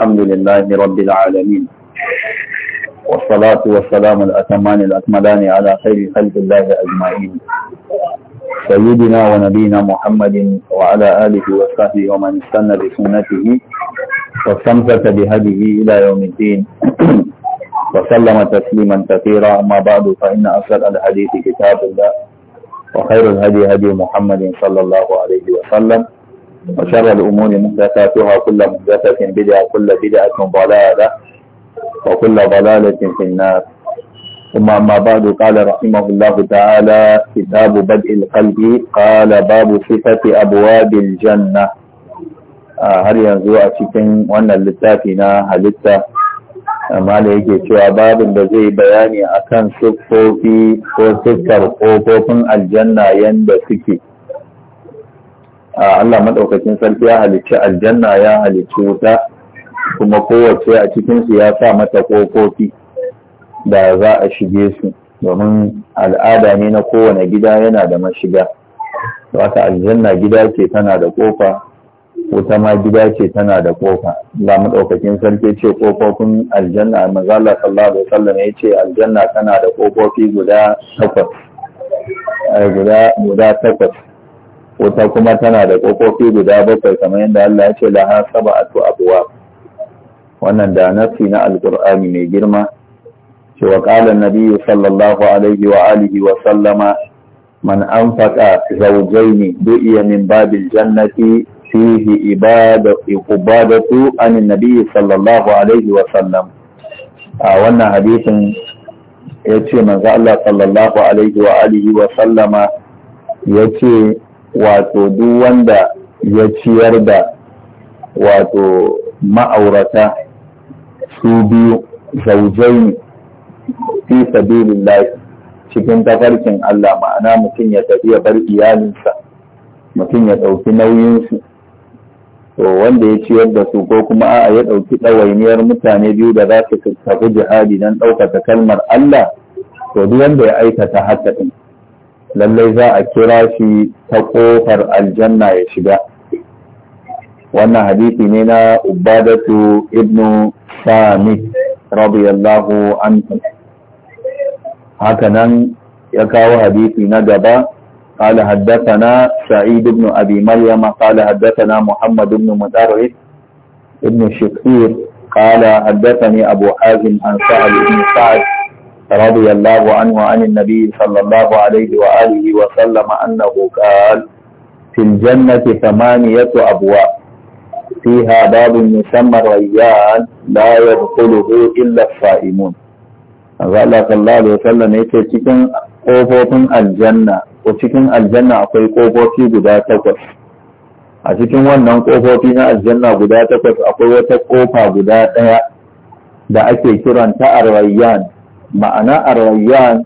الحمد لله رب العالمين والصلاة والسلام الأتمان الأكملان على خير خلق الله أجمعين سيدنا ونبينا محمد وعلى آله وصحبه ومن استنى بسنته واستمسك بهديه إلى يوم الدين وسلم تسليما كثيرا أما بعد فإن أصل الحديث كتاب الله وخير الهدي هدي محمد صلى الله عليه وسلم وشر الأمور محدثاتها كل محدثة بدعة كل بدعة ضلالة وكل ضلالة في النار ثم أما بعد قال رحمه الله تعالى كتاب بدء القلب قال باب صفة أبواب الجنة har yanzu a cikin wannan littafi na halitta amma da yake cewa babin da zai bayani akan siffofi ko siffar ƙofofin aljanna yanda suke Allah maɗaukacin sarki ya halicci aljanna ya halicci wuta kuma kowace a cikinsu ya sa mata kofofi da za a shige su domin al'ada ne na kowane gida yana da mashiga wata aljanna gida ce tana da kofa wuta ma gida ce tana da ƙofa. Allah maɗaukacin sarki ce kofofin aljanna manzo Allah sallallahu alaihi wasallam ya ce aljanna tana da kofofi guda takwas wuta kuma tana da ƙofofi guda bakwai kamar yadda Allah ya ce laha sab'atu abwab wannan da nafi na alqur'ani mai girma cewa qala nabiyyu sallallahu alaihi wa alihi wa sallama man anfaqa zawjayn du'iya min babil jannati fihi ibadatu ibadatu an nabiyyi sallallahu alaihi wa sallam a wannan hadisin ya ce manzo Allah sallallahu alaihi wa alihi wa sallama ya ce wato duk wanda ya ciyar da wato ma'aurata su biyu zaujai fi sabilillah cikin tafarkin Allah ma'ana mutum ya tafi ya bar iyalinsa mutum ya ɗauki nauyinsu to wanda ya ciyar da su ko kuma a'a ya ɗauki ɗawainiyar mutane biyu da za su tafi jihadi don ɗaukaka kalmar Allah to duk wanda ya aikata haka ɗin lallai za a kira shi ta ƙofar aljanna ya shiga wannan hadisi ne na ubadatu ibnu sami radiyallahu anhu hakanan ya kawo hadisi na gaba قال حدثنا سعيد بن أبي مريم قال حدثنا محمد بن مدرس بن شكير قال حدثني أبو حازم عن سعد بن سعد رضي الله عنه عن النبي صلى الله عليه وآله وسلم أنه قال في الجنة ثمانية أبواب فيها باب يسمى الريان لا يدخله إلا الصائمون Allah sallallahu alaihi wasallam yake cikin aljanna ko cikin aljanna akwai ƙofofi guda takwas a cikin wannan ƙofofi na aljanna guda takwas akwai wata ƙofa guda ɗaya da ake kiranta arrayyan ma'ana arrayyan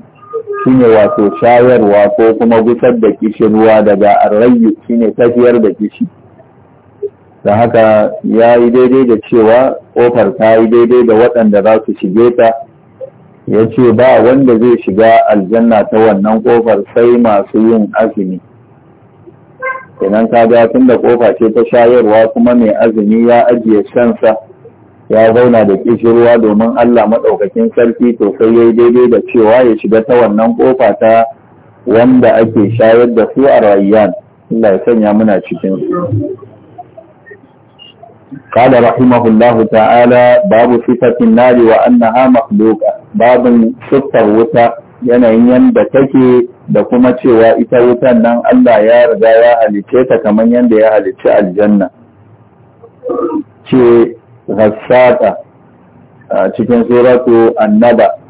shine wato shayarwa ko kuma gusar da kishirwa daga arrayyu shine tafiyar da kishi da haka ya yi daidai da cewa ƙofar ta yi daidai da waɗanda za su shige ta ya ce ba wanda zai shiga aljanna ta wannan ƙofar sai masu yin azumi kenan ka ga tun da ƙofa ce ta shayarwa kuma mai azumi ya ajiye shansa ya zauna da kishirwa domin Allah maɗaukakin sarki to sai yi daidai da cewa ya shiga ta wannan ƙofa ta wanda ake shayar da su a rayyan Allah ya sanya muna cikin su قال رحمه الله babu باب صفة wa وأنها مخلوقة babin صفة wuta, yanayin yadda take da kuma cewa ita wutan nan Allah ya riga ya halicce ta kamar yadda ya halicci aljanna ce hassaka a cikin suratu annaba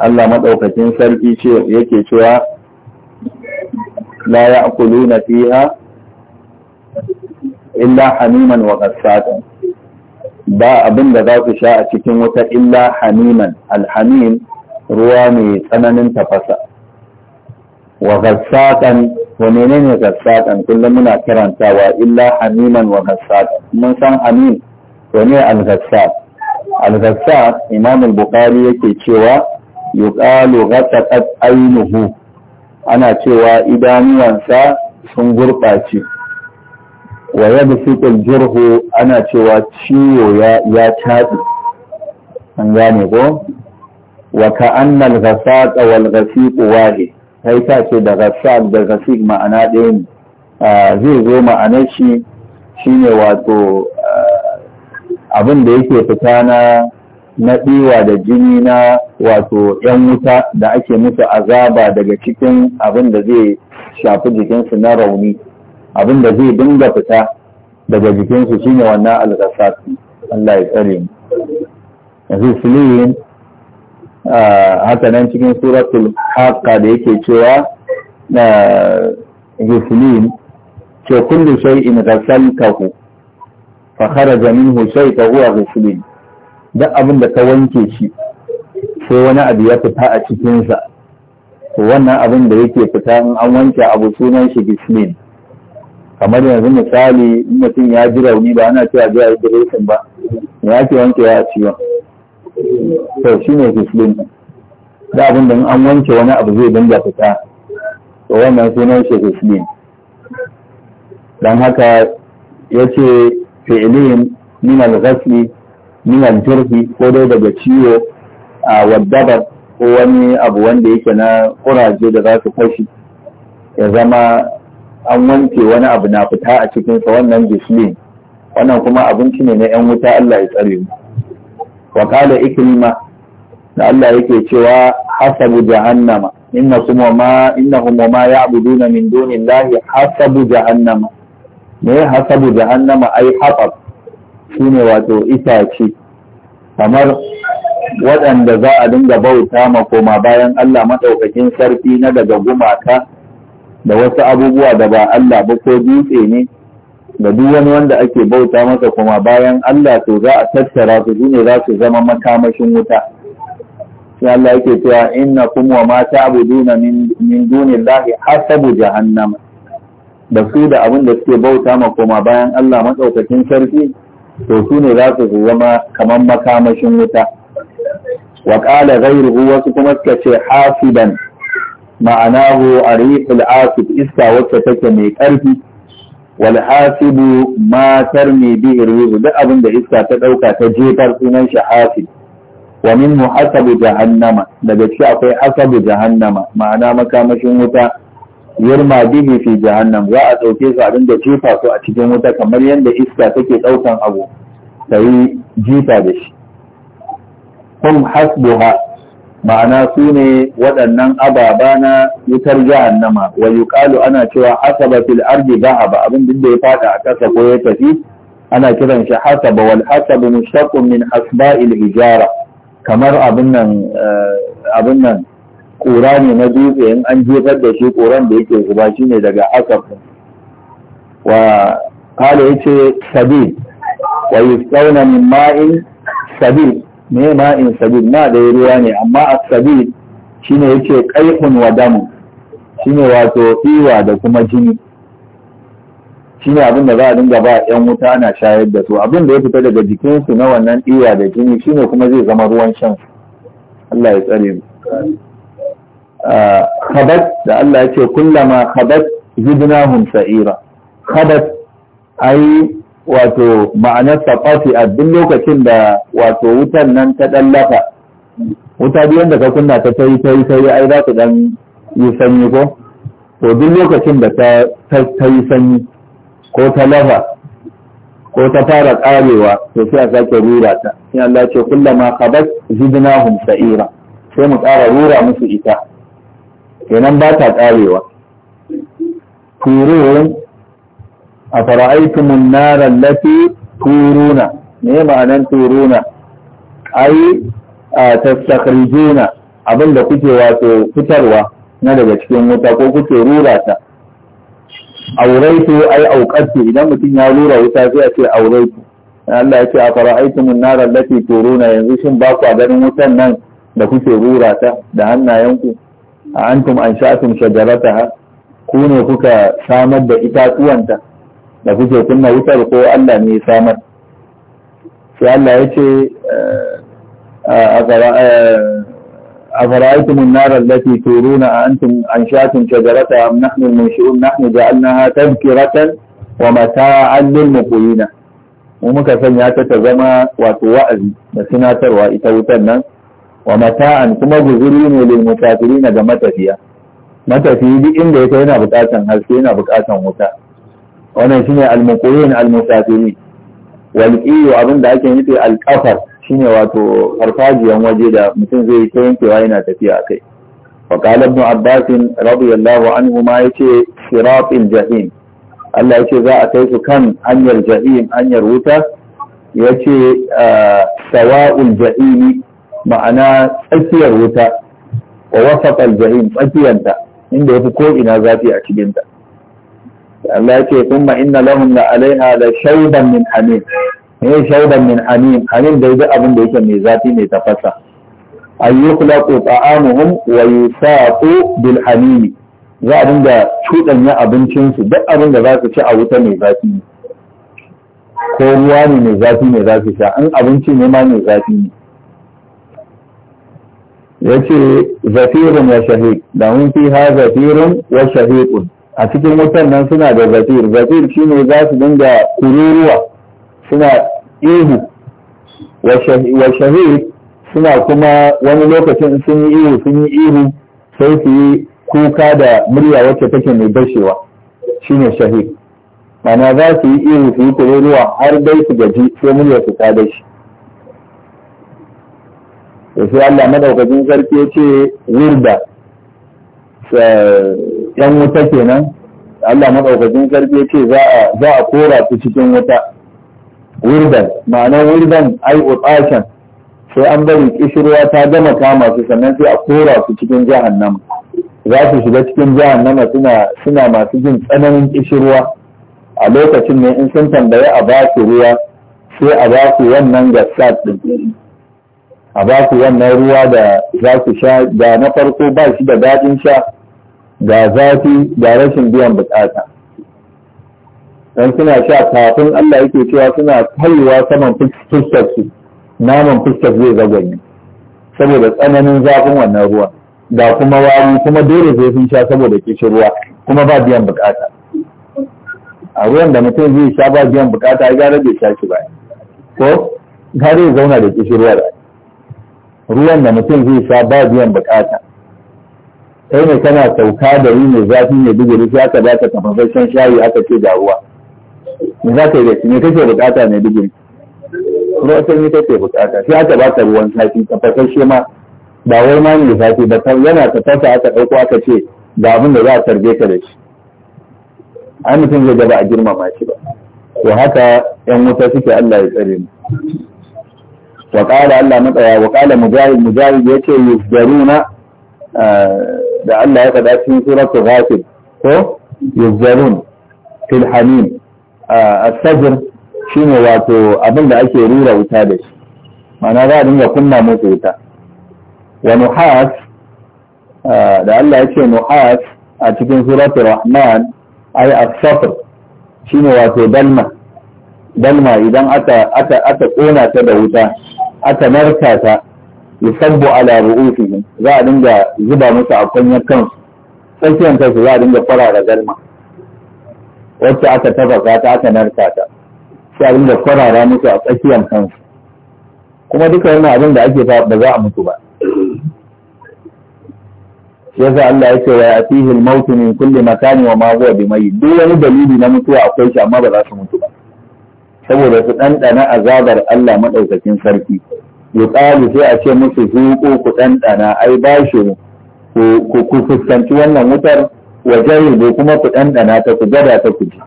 Allah maɗaukakin sarki ce yake cewa la na fiya illa hamiman wa gassatan ba abin da za su sha a cikin wuta illa hamiman alhamim ruwa mai tsananin tafasa wa gassatan wa menene gassaqan kullum muna karantawa illa hamiman wa gassaqan mun san hamim to ne al-gassaq al-gassaq imam al-bukhari yake cewa yuqalu ghataqat aynuhu ana cewa idanuwansa sun gurbace. wa yabsiqul jurhu ana cewa ciwo ya ya tabi an gane ko wa ka'anna al-ghassaq wal ghasiq wahid kai yi ce da gasar da rafiq ma'ana ɗaya ne zai zo ma'anar shi shi ne wato abin da yake fita na naɗiwa da jini na wato ‘yan wuta da ake musu azaba daga cikin abin da zai shafi jikinsu na rauni abin da zai dinga fita daga jikinsu shi ne wannan alƙasar Allah ya tsare mu yanzu haka nan cikin suratul haka da yake cewa yuslim ce kullu shay'in ghasaltahu fa kharaja minhu shay'un huwa ghuslin duk abin da ka wanke shi sai wani abu ya fita a cikinsa, sa wannan abin da yake fita in an wanke abu sunan shi ghuslin kamar yanzu misali mutum ya ji rauni ba ana cewa ji a yi ba ya ke wanke ya a to shi ne hislinci da abin da an wanke wani abu zai dinga fita to wannan sunan shi hislin don haka ya ce fi'ilin min al-ghasli min ko dai daga ciwo a waddabar ko wani abu wanda yake na kuraje da za su fashi ya zama an wanke wani abu na fita a cikinsa wannan gislin wannan kuma abinci ne na 'yan wuta Allah ya tsare mu wa qala ikrima da Allah yake cewa hasabu jahannama innahum wa ma innahum wa ma ya'buduna min dunillahi hasabu jahannama me hasabu jahannama ai shi shine wato itace kamar waɗanda za a dinga bauta ma koma bayan Allah maɗaukakin sarki na daga gumaka da wasu abubuwa da ba Allah ba ko dutse ne da duk wani wanda ake bauta masa kuma bayan Allah to za a tattara su ne za su zama makamashin wuta sai Allah yake cewa innakum wa ma ta'buduna min min dunillahi hasabu jahannama da su da abin da suke bauta ma kuma bayan Allah madaukakin sarki to su ne za su zama kamar makamashin wuta wa qala ghayruhu wasu kuma suka ce hasiban ma'anahu al asif iska wacce take mai karfi wal hasibu ma tarmi bi irwizu duk abin da iska ta dauka ta jefar sunan shi hasib wa min muhasabu jahannama daga ciki akwai hasabu jahannama ma'ana makamashin wuta yirma bihi fi jahannam za a dauke su abin da jefa su a cikin wuta kamar yadda iska take daukan abu ta yi jifa da shi hum hasbuha ma'ana su ne waɗannan ababa na wutar jahannama wa yuqalu ana cewa hasaba fil ardi dhahaba abin da ya fada a ƙasa ko ya tafi ana kiran shi hasaba wal hasabu mushaqqun min asba'il ijara. kamar abin nan eh, abin nan ne na dutse in an jefar da shi ƙuran da yake zuba shi ne daga asab wa kala yace sabil wa yusqawna min ma'in sabil Nema ma in sabil ma da ruwa ne amma as shi shine yake kaihun wa damu shine wato iwa da kuma jini shine abin da za a dinga ba yan wuta ana shayar da su abin da ya fita daga jikinsu na wannan iwa da jini shine kuma zai zama ruwan shan Allah ya tsare mu ah, khabat da Allah ya ce kullama khabat zidnahum sa'ira khabat ai wato ma'anar tafafi a duk lokacin da wato wutan nan ta ɗan lafa wuta biyan da ka kunna ta tayi tayi tayi ai za ta ɗan yi sanyi ko to duk lokacin da ta sanyi ko ta lafa ko ta fara karewa to sai a sake rura ta sai Allah ce kullama khabat zidnahum sa'ira sai mu ƙara rura musu ita kenan ba ta karewa tururin a fara'aitumun narar lati turuna ne ma'anan turuna ai a tattakarjuna abinda kuke fitarwa na daga cikin wuta ko kuke rura ta auraitu ai auqatu idan mutum ya rura wuta sai a ce auraitu Allah ya ce a fara'aitumun narar lati turuna yanzu shin ba ku ganin wutan nan da kuke rura ta da hannayenku a antum an sha'atum har, ku ne kuka samar da itatuwanta da kuke kunna wutar ko Allah ne ya samar sai Allah ya ce eh, a eh, fara'aitu mun narar lati turuna a antum an shatin shajarata am nahnu munshi'un nahnu ja'alnaha tazkiratan wa mata'an lil muqwina mu muka sanya ta ta zama wato wa'azi da sinatarwa ita wutar nan wa mata'an kuma guzuri ne lil musafirin ga matafiya matafiyi duk inda yake yana bukatan haske yana bukatan wuta wannan shine al-muqiyin al-musafirin walqiyu abin da ake nufi al-qafar shine wato farfajiyan waje da mutum zai ta yankewa yana tafiya a kai wa qala ibn abbas radiyallahu anhu ma yace siratil jahim Allah yace za a kai su kan hanyar jahim hanyar wuta yace sawa'ul jahimi ma'ana tsakiyar wuta wa wasaqal jahim tsakiyanta inda yafi ko ina zafi a cikin ta Allah ya ce kuma inna lahum la alaiha la shaudan min hamim eh shaudan min hamim hamim da yaji abin da yake mai zafi mai tafasa ayyukhlaqu ta'amuhum wa yusaqu bil hamim za a dinga cuɗanya abincin su duk abin da za su ci a wuta mai zafi ko ruwa ne mai zafi ne za su sha An abinci ne ma mai zafi ne ya ce zafirun wa shahid da mun fi ha zafirun wa shahidun a cikin wutan nan suna da zafir zafir ne za su dinga kururuwa suna ihu wa shahir suna kuma wani lokacin sun yi ihu sun yi ihu sai su yi kuka da murya wacce take mai bashewa ne shahir mana za su yi ihu su yi kururuwa har dai su gaji sai murya su ta shi sai Allah madaukakin sarki ya ce wirda Eh, yan wuta kenan Allah maɗaukakin sarki ya ce za a kora su cikin wuta wurdan ma'ana wurdan ai utashan sai an bari ƙishirwa ta gama kama su sannan sai a kora su cikin jahannama za su shiga cikin jahannama suna suna masu jin tsananin kishirwa a lokacin ne in sun tambaye a ba su ruwa sai a ba su wannan gassat din a ba su wannan ruwa da za su sha da na farko ba shi da daɗin sha ga zafi ga rashin biyan bukata don suna sha kafin Allah yake cewa suna kaiwa saman fuskar su naman fuskar zai zagwanye saboda tsananin zafin wannan ruwa ga kuma wari kuma dole zai sun sha saboda kishin ruwa kuma ba biyan bukata a ruwan da mutum zai sha ba biyan bukata ya gara bai sha shi ba ko gari zauna da kishin ruwa ruwan da mutum zai sha ba biyan bukata kai ne kana sauka da yi mai zafi mai digiri sai aka baka kafafaffen shayi aka ce da ruwa me za ka yi da shi me kake bukata mai digiri ruwa sanyi kake bukata sai aka ba ta ruwan zafi shi ma ba wai ma mai zafi ba yana tafasa aka ɗauko aka ce ga abin da za a tarbe ka da shi ai mutum zai gaba a girmama shi ba to haka yan wuta suke Allah ya tsare mu wa qala Allah matsaya wa qala mujahid mujahid yace yusdaruna eh, da Allah ya faɗa cikin suratul ghafir ko yuzzalun fil hamim as-sajr shine wato abin da ake rura wuta da shi ma'ana za a dinga kunna motsa wuta wa nuhas da Allah ya ce nuhas a cikin suratul rahman ay as-safr shine wato dalma dalma idan a aka aka kona ta da wuta aka narka ta yusabbu ala ru'usihim za a dinga zuba musu a kwanyar kansu tsakiyar kansu za a dinga fara da galma wacce aka tafasa ta aka narka ta sai a dinga farara musu a tsakiyar kansu kuma duka wannan abin da ake ba za a mutu ba yasa Allah ya ce wa yatihi al-maut min kulli makani wa ma huwa bimayt duk wani dalili na mutuwa akwai shi amma ba za su mutu ba saboda su ɗanɗana azabar Allah maɗaukakin sarki yuqalu sai a ce musu zuƙo ku ɗanɗana ai bashiru ku ku fuskanci wannan wutar waje jahilu kuma ku ɗanɗana ta ku gada ta ku ji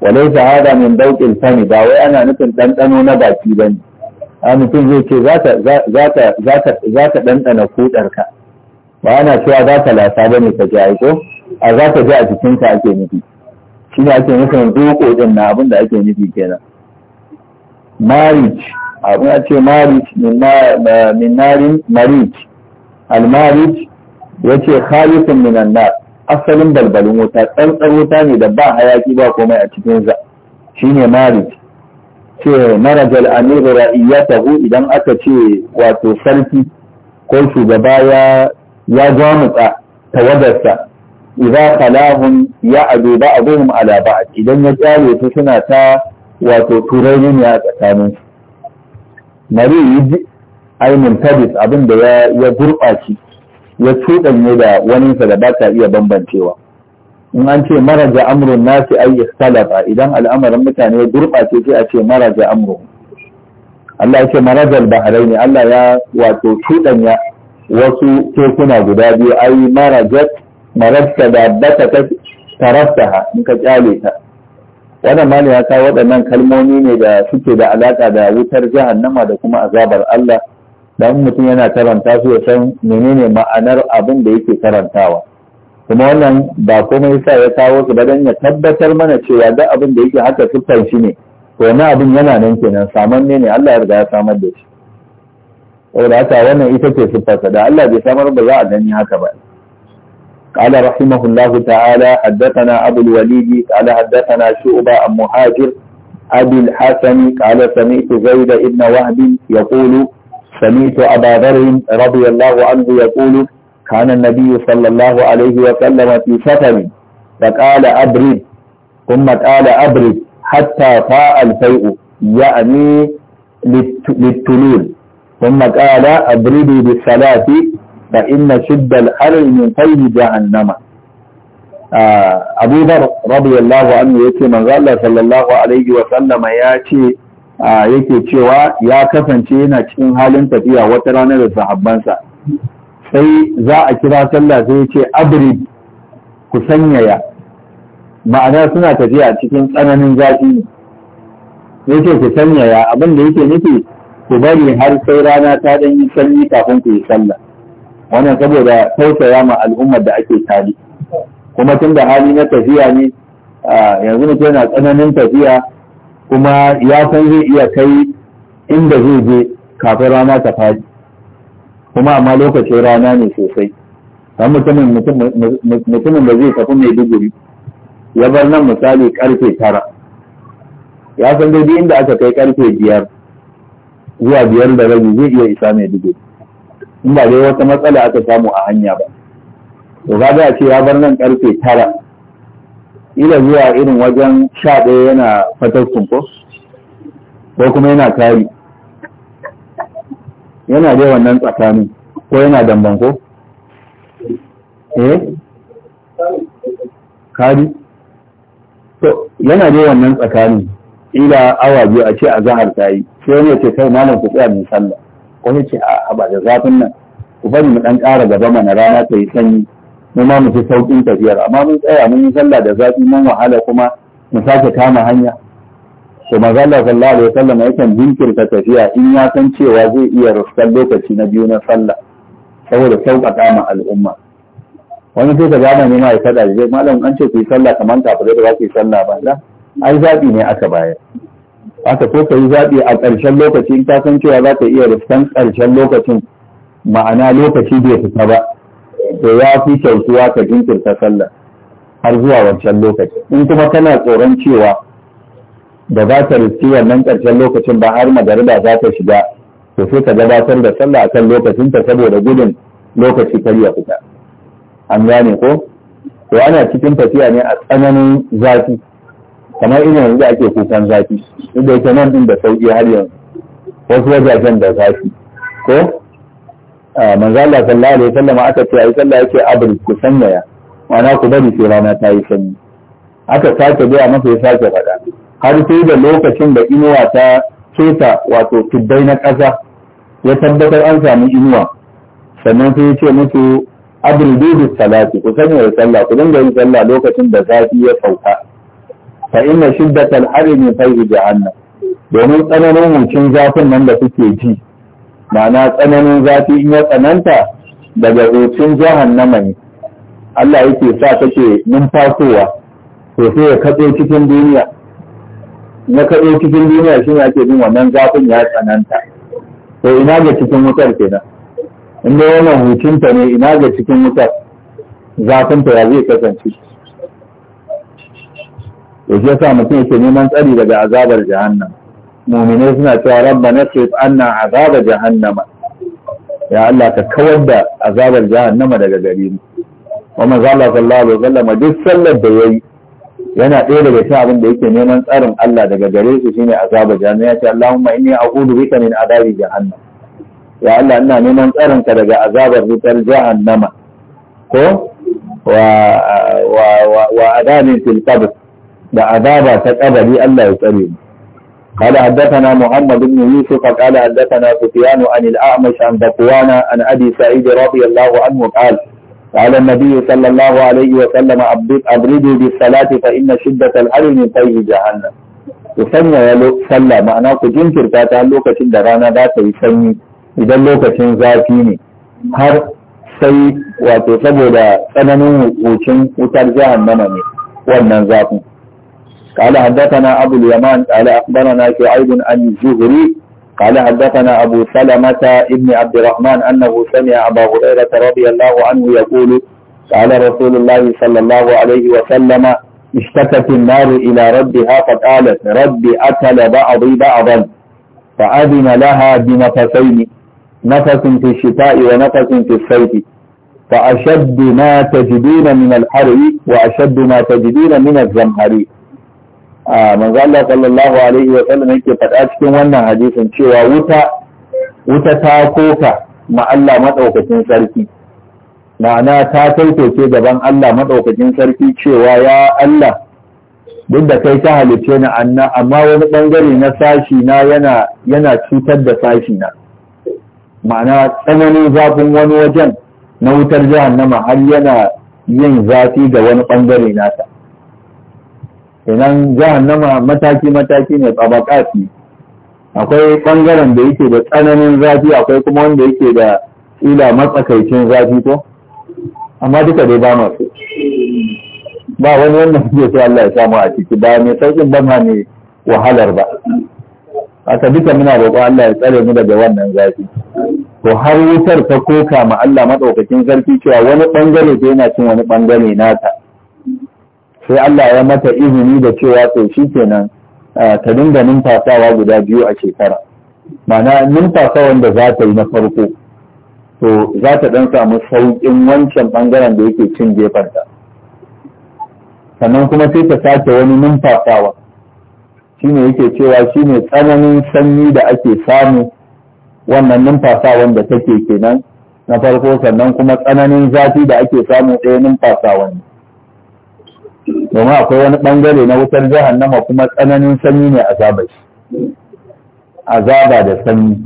walaysa hada min dawqil sani, ba wai ana nufin ɗanɗano na baki ne. a mutum zai ce za ta ɗanɗana kudarka ba ana cewa za ta lasa ba ne ka ji ko a za ta ji a jikinka ake nufi shi ne ake nufin zuƙo ɗin na abin da ake nufi kenan marriage abin a ce marich min narin marich almarich ya ce khalisun minan asalin balbalin wuta tsantsar wuta ne da ba hayaki ba komai a cikinsa shine marich ce marajal amiru hu idan aka ce wato sarki ko shugaba ya ya gwamutsa tawadarsa idza khalahum ya adu ba'dhum ala ba'd idan ya tsare su suna ta wato turayya a tsakaninsu. mari yi ainihin tabis abin da ya gurɓaci ya cuɗanye da waninsa da ba ta iya bambancewa in an ce maraja amrun nasi ai ikhtalafa idan al'amarin mutane ya gurɓace sai a ce maraja amrun Allah ya ce marajal bahrai ne Allah ya wato cuɗanya wasu tekuna guda biyu ai marajat marajta da bata tarafta in ka kyale ta wannan ma ne ya kawo waɗannan kalmomi ne da suke da alaƙa da wutar nama da kuma azabar Allah dan mutum yana karanta su ya san menene ma'anar abin da yake karantawa kuma wannan ba komai sa ya kawo su ba dan ya tabbatar mana cewa da abin da yake haka sukan shi ne to na abin yana nan kenan saman ne ne Allah ya riga ya samar da shi saboda haka wannan ita ce siffarsa da Allah bai samar ba za a gani haka ba قال رحمه الله تعالى حدثنا أبو الوليد قال حدثنا شعبة عن مهاجر أبي الحسن قال سمعت زيد بن وهب يقول سمعت أبا ذر رضي الله عنه يقول كان النبي صلى الله عليه وسلم في سفر فقال أبرد ثم قال أبرد حتى فاء الفيء يعني للتلول ثم قال أبردوا بالصلاة fa inna shiddal harri min qayyi jahannama ah, Abu Dhar radiyallahu anhu yace manzo Allah sallallahu alaihi wa sallama ya ce ah, yake cewa ya kasance yana cikin halin tafiya wata ranar da sahabbansa sai za a kira sallah sai ce, abrid ku sanyaya ma'ana suna tafiya cikin tsananin zafi ne yace ku sanyaya abin da yake nufi ku bari har sai rana ta dan yi sanyi kafin ku yi sallah wannan saboda tausaya ma al'ummar da ake tali kuma tun da hali na tafiya ne yanzu mutum yana tsananin tafiya kuma ya san zai iya kai inda zai je kafin rana ta faɗi kuma amma lokacin rana ne sosai kan mutumin da zai tafi mai duguri ya bar nan misali karfe tara ya san daidai inda aka kai karfe biyar zuwa biyar da rabi zai iya isa mai duguri in ba dai wata matsala aka samu a hanya ba to ga a ce ya bar nan karfe tara ila zuwa irin wajen sha ɗaya yana fatar sunko ko kuma yana kari yana dai wannan tsakanin ko yana damban ko eh kari to yana dai wannan tsakanin ila awa biyu a ce a zahar ta yi sai wani ya ce kai malam ku tsaya min sallah wani ce a ba da zafin nan ku bari mu dan ƙara gaba mana rana ta yi sanyi mu ma mu fi sauƙin tafiyar amma mun tsaya mun yi sallah da zafi mun wahala kuma mu sake kama hanya to mazalla sallallahu alaihi wasallam yakan jinkirta tafiya in ya san cewa zai iya rufkar lokaci na biyu na sallah saboda sauƙaƙa ma al'umma wani sai ka gama ne ma ya faɗa da malam an ce ku yi sallah kamar kafirai da ba ku yi sallah ba ai zaɓi ne aka bayar aka ko ka yi zaɓi a ƙarshen lokaci in ka san cewa za ka iya riskan ƙarshen lokacin ma'ana lokaci bai fita ba to ya fi kyautuwa ka jinkirta sallah har zuwa wancan lokaci in kuma kana tsoron cewa da za ka riski wannan ƙarshen lokacin ba har magariba za ta shiga to sai ka gabatar da sallah a kan lokacinta saboda gudun lokaci kar ya fita an gane ko to ana cikin tafiya ne a tsananin zafi kamar irin yanzu ake kukan zafi duk da yake nan din da sauki har yanzu wasu wajajen da zafi ko manzo Allah sallallahu alaihi wasallam aka ce ai sallah yake abul kusanya sanyaya ma'ana ku bari sai rana ta yi sanyi aka sake gaya masa ya sake faɗa har sai da lokacin da inuwa ta keta wato tuddai na ƙasa ya tabbatar an samu inuwa sannan sai ya ce musu abul dudu salati ku sanya da sallah ku dinga yin sallah lokacin da zafi ya sauka fa inna shiddatal harimi fi jahannam domin tsananin hucin zafin nan da suke ji ma'ana tsananin zafi in ya tsananta daga hucin jahannama ne Allah yake sa take numfasowa to sai ya katso cikin duniya na katso cikin duniya shine ake jin wannan zafin ya tsananta to ina ga cikin wutar kenan in dai wannan hucinta ne ina ga cikin wutar zafinta ya zai kasance to shi yasa mutum yake neman tsari daga azabar jahannam mu'minai suna cewa rabbana qif anna azaba jahannama ya Allah ka kawar da azabar jahannama daga gare mu wa manzo Allah sallallahu alaihi wasallam duk sallar da yayi yana ɗaya daga cikin abin da yake neman tsarin Allah daga gare su shine azabar jahannama ya ce Allahumma inni a'udhu bika min adabi jahannam ya Allah ina neman tsarin ka daga azabar wutar jahannama ko wa wa wa adabin fil qabr da azaba ta kabari قال حدثنا محمد بن يوسف قال حدثنا سفيان عن الأعمش عن ذكوان عن أبي سعيد رضي الله عنه قال قال النبي صلى الله عليه وسلم أبردوا بالصلاة فإن شدة الحر من طيب جهنم وسنة صلى معناه جنكر كاتا لوكا درانا ذات يسني إذا لوكتين ذاتيني har sai wato saboda tsananin wucin wutar jihar mana ne قال حدثنا أبو اليمان قال أخبرنا شعيب عن الزهري قال حدثنا أبو سلمة ابن عبد الرحمن أنه سمع أبا هريرة رضي الله عنه يقول قال رسول الله صلى الله عليه وسلم اشتكت النار إلى ربها فقالت ربي أكل بعضي بعضا فأذن لها بنفسين نفس في الشتاء ونفس في الصيف فأشد ما تجدون من الحر وأشد ما تجدون من الزمهري a manzo Allah sallallahu alaihi wa sallam yake faɗa cikin wannan hadisin cewa wuta wuta ta koka ma Allah madaukakin sarki ma'ana ta kaitoce gaban Allah madaukakin sarki cewa ya Allah duk da kai ta halice ni anna amma wani bangare na sashi na yana yana cutar da sashi na ma'ana tsananin zafin wani wajen na wutar jahannama har yana yin zafi ga wani bangare nata idan jahannama mataki mataki ne tsabakati akwai bangaren da yake da tsananin zafi akwai kuma wanda yake da ila matsakaicin zafi ko amma duka dai ba masu ba wani wannan zai sai Allah ya samu a ciki ba mai saukin ba ma mai wahalar ba haka duka muna roƙon Allah ya tsare mu daga wannan zafi to har wutar ta koka ma Allah madaukakin sarki cewa wani bangare ta yana cin wani bangare nata sai Allah ya mata izini da cewa to shi kenan ta dinga numfasawa guda biyu a shekara mana numfasawan da za ta yi na farko to za ta dan samu sauƙin wancan ɓangaren da yake cin gefenta sannan kuma sai ta sake wani numfasawa shine yake cewa shi ne tsananin sanyi da ake samu wannan numfasawan da take kenan na farko sannan kuma tsananin zafi da ake samu ɗaya numfasawan ne domin akwai wani bangare na wutar jahannama kuma tsananin sanyi ne Zabashi. shi azaba da sanyi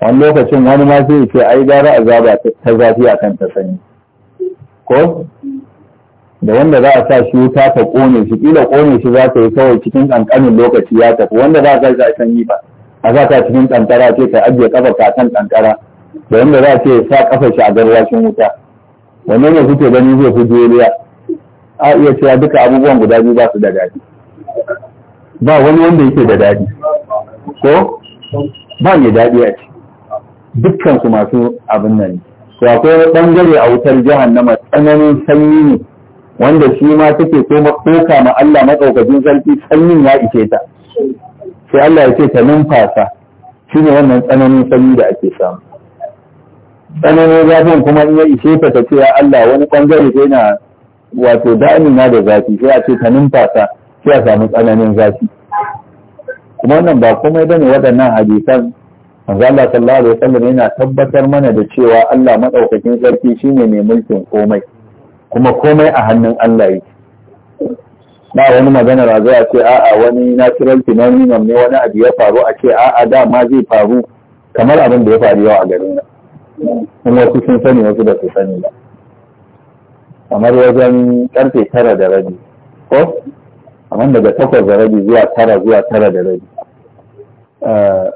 wani lokacin wani ma zai ce ai gara azaba ta zafi akan ta sanyi ko da wanda za a sa shi wuta ta kone shi kila kone shi za ta yi kawai cikin kankanin lokaci ya tafi wanda za a sa shi a sanyi ba a sa ta cikin kankara ce ka ajiye kafa ka kan kankara da wanda za a ce sa kafa shi a garwashin wuta wanne ne kuke gani zai fi jeliya a iya cewa duka abubuwan guda biyu ba su da daɗi ba wani wanda yake da daɗi ko ba mai daɗi a ce dukkan su masu abin nan to akwai wani bangare a wutar jahannama tsananin sanyi ne wanda shi ma take koma koka ma Allah madaukakin sarki sanyin ya ishe ta sai Allah ya ce ta numfasa shine wannan tsananin sanyi da ake samu tsananin zafin kuma in ya ishe ta ta ce ya Allah wani bangare sai na wato amina da zafi sai a ce ka numfasa sai a samu tsananin zafi kuma wannan ba komai bane waɗannan hadisan manzo Allah sallallahu alaihi wasallam yana tabbatar mana da cewa Allah madaukakin sarki shine mai mulkin komai kuma komai a hannun Allah yake ba wani magana da zai ce a'a wani natural phenomenon ne wani abu ya faru a ce a'a dama zai faru kamar abin da ya faru yau a garin nan kuma wasu sun sani wasu da su sani ba kamar wajen karfe tara da rabi ko amma daga takwas da rabi zuwa tara zuwa tara da rabi eh,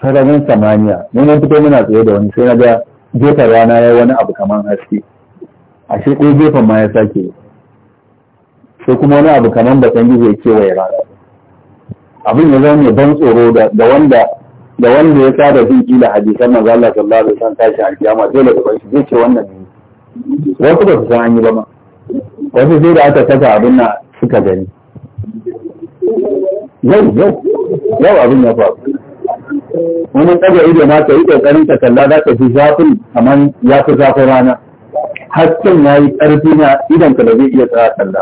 sararin samaniya mun mun fito muna tsaye da wani sai na ga gefen rana ya wani abu kamar haske a shi ko gefen ma ya sake sai kuma wani abu kamar bakan gizo ya kewaye rana abin ya zama mai ban tsoro da wanda da wanda ya tsara jin kila hadisan manzo Allah sallallahu alaihi wasallam tashi alkiyama dole da ban shi zai ce wannan wasu ba su san an yi ba ma wasu sai da aka saka abin na suka gani yau yau yau abin ya faru wani tsaga ido ma ka yi kokarin ka kalla za ka fi zafin kamar ya fi zafin rana hasken ya yi ƙarfi na idan ka da zai iya tsaya kalla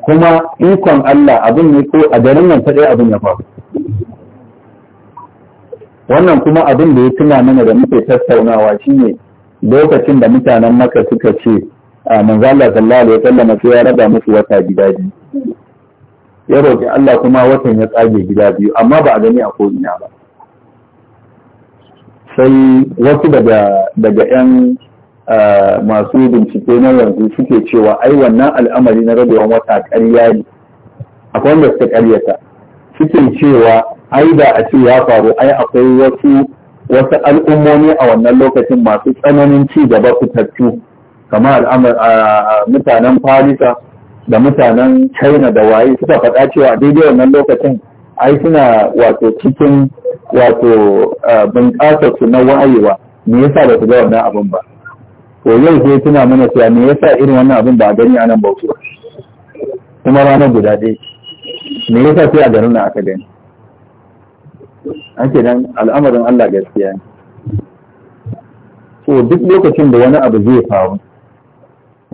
kuma ikon Allah abin ne ko a garin nan ta ɗaya abin ya faru wannan kuma abin da ya tuna mana da muke tattaunawa shine lokacin da mutanen maka suka ce a manzala sallallahu alaihi sai ya raba musu wata gida biyu ya roƙi Allah kuma watan ya tsage gida biyu amma ba a gani a ko'ina ba sai wasu daga daga yan masu bincike na yanzu suke cewa ai wannan al'amari na rabewan wata ƙarya ne akwai wanda suka ƙaryata suke cewa ai da a ce ya faru ai akwai wasu wasu al'ummomi a wannan lokacin masu tsananin ci gaba fitattu kamar mutanen Farisa da mutanen China da waye suka faɗa cewa daidai wannan lokacin ai suna wato cikin wato bunƙasarsu na wayewa me yasa ba su ga wannan abin ba to yau sai tuna mana cewa me yasa irin wannan abin ba a gani a nan bauchi ba kuma ranar guda ɗaya me yasa sai a garin na aka gani ake nan al'amarin Allah gaskiya ne so duk lokacin da wani abu zai faru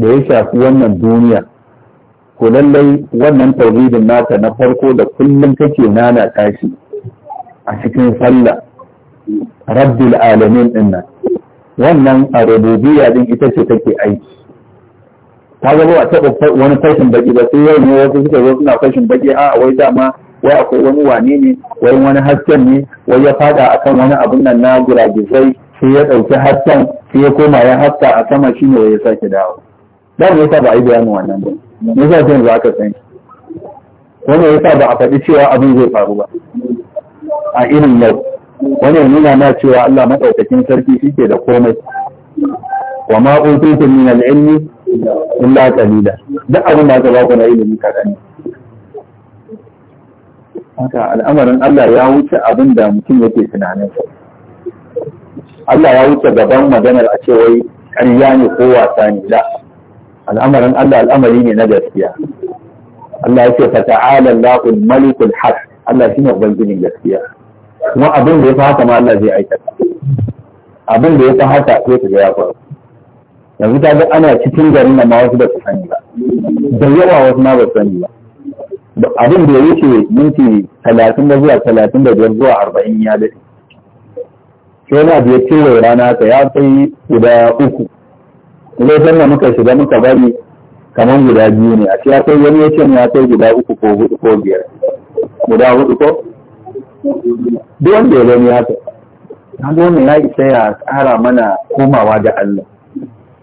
da ya shafi wannan duniya ko lallai wannan tauhidin naka na farko da kullum kake nana tashi a cikin sallah rabbil alamin din nan wannan a rububiyya din ita ce take aiki ta zama a taɓa wani fashin baƙi ba sai yau ne wasu suka zo suna fashin baƙi a wai dama wai akwai wani wane ne wai wani hasken ne wai ya fada akan wani abun nan na gurajizai sai ya dauki hasken sai ya koma ya haska a sama shi ne ya sake dawo Dan me yasa ba a yi bayanin wannan ba me yasa sai za aka san wani yasa ba a faɗi cewa abin zai faru ba a irin yau wani ya nuna na cewa Allah maɗaukakin sarki shi ke da komai wa ma min al-ilmi illa qalila duk abin da aka ba ku na ilimi kaɗan haka al'amarin Allah ya wuce abin da mutum yake tunanin sa Allah ya wuce gaban maganar a cewai ƙarya ne ko wasa ne la al'amarin Allah al'amari ne na gaskiya Allah ya ce fa ta'ala Allahul malikul haq Allah shine ubangijin gaskiya kuma abin da ya fi haka ma Allah zai aikata abin da ya fi haka sai ka ga ya faru yanzu ta ga ana cikin garin nan ma wasu da su sani ba da yawa wasu ma ba su sani ba abin da ya wuce minti talatin da zuwa talatin da biyar zuwa arba'in ya daɗe sai na biyar cewa rana ta ya kai guda uku lokacin da muka shiga muka bari kamar guda biyu ne a ce ya kai wani ya ce ya kai guda uku ko hudu ko biyar guda hudu ko duk wanda ya gani haka na gani ya isa ya tsara mana komawa da Allah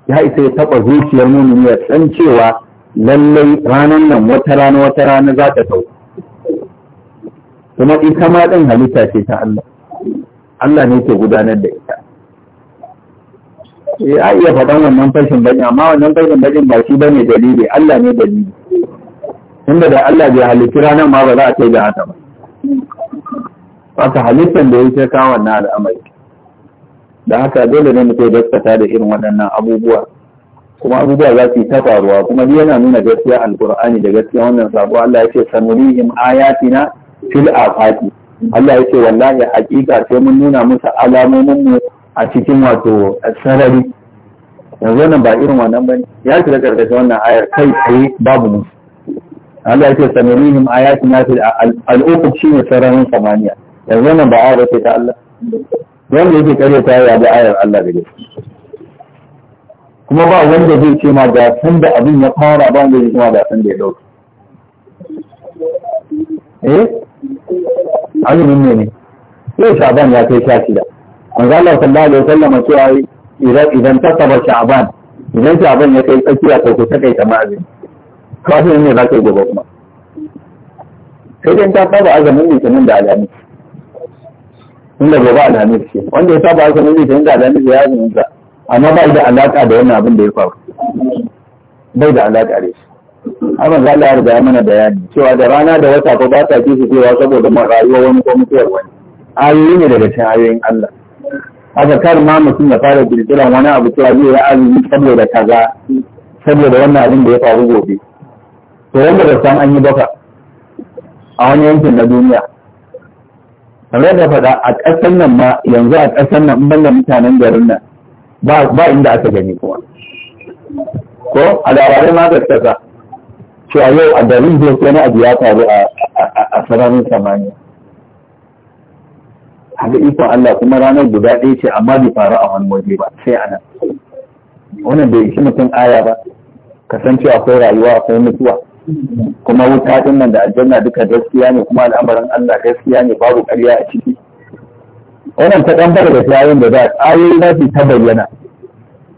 ya isa ya taɓa zuciyar mu ya san cewa lallai ranar nan wata rana wata rana za ta sau kuma ita ma ɗin halitta ce ta Allah Allah ne ke gudanar da ita ya eh, iya faɗan wannan fashin baƙi, amma wannan fashin baƙin ba shi bane dalili Allah ne dalili inda da Allah bai halitti ranar ma ba za a ce da haka ba haka halittar da ya ce kawo wannan al'amari da haka dole ne mutum gaskata da irin waɗannan abubuwa kuma abubuwa za su yi ta faruwa kuma ni yana nuna gaskiya alqur'ani da gaskiya wannan sabo Allah ya ce sanurihim ayatina fil afaqi Allah ya ce wallahi hakika sai mun nuna musu alamomin mu a cikin wato sarari yanzu nan ba irin wannan bane ya shiga karkashin wannan ayar kai tsaye babu mu Allah ya ce sanurihim ayatina fil al-ufuq shine sararin samaniya yanzu nan ba ayar ce ta Allah wanda yake ta ya bi ayar Allah da gaskiya kuma ba wanda zai ce ma ga da abin ya fara ba wanda zai ce ma ga da ya dauke eh azumin ne ne sai sha'ban ya kai sha shida manzo Allah sallallahu alaihi wasallam ai idan idan ta saba sha'ban idan sha'ban ya kai tsakiya ko ku sakai ta mazi ka azumin ne za ka yi gobe kuma sai dai ta saba azumin ne kuma da alamin inda gobe alamin ce wanda ya saba azumin ne kanin da alamin ya yi azumin sa amma ba da alaƙa da wannan abin da ya faru bai da alaƙa da shi amma za a riga mana bayani cewa da rana da wata ko ba ta su cewa saboda rayuwa wani ko mutuwar wani ayoyi ne daga cikin ayoyin Allah haka kar ma mutum ya fara kirkiran wani abu cewa zai yi azumi saboda kaza saboda wannan abin da ya faru gobe to wanda da san an yi baka a wani yankin na duniya kamar da faɗa a ƙasar nan ma yanzu a ƙasar nan ban da mutanen garin nan ba inda aka gani kuma ko a labarai ma gaskata cewa yau a garin zai kone abu ya faru a sararin samaniya haka ikon Allah kuma ranar guda ɗaya ce amma bai faru a wani waje ba sai a wannan bai ishi mutum aya ba Kasance akwai rayuwa akwai mutuwa kuma wuta ɗin nan da aljanna duka gaskiya ne kuma al'amarin Allah gaskiya ne babu ƙarya a ciki wannan ta ɓangare da tsayin da za ayoyi za su ta bayyana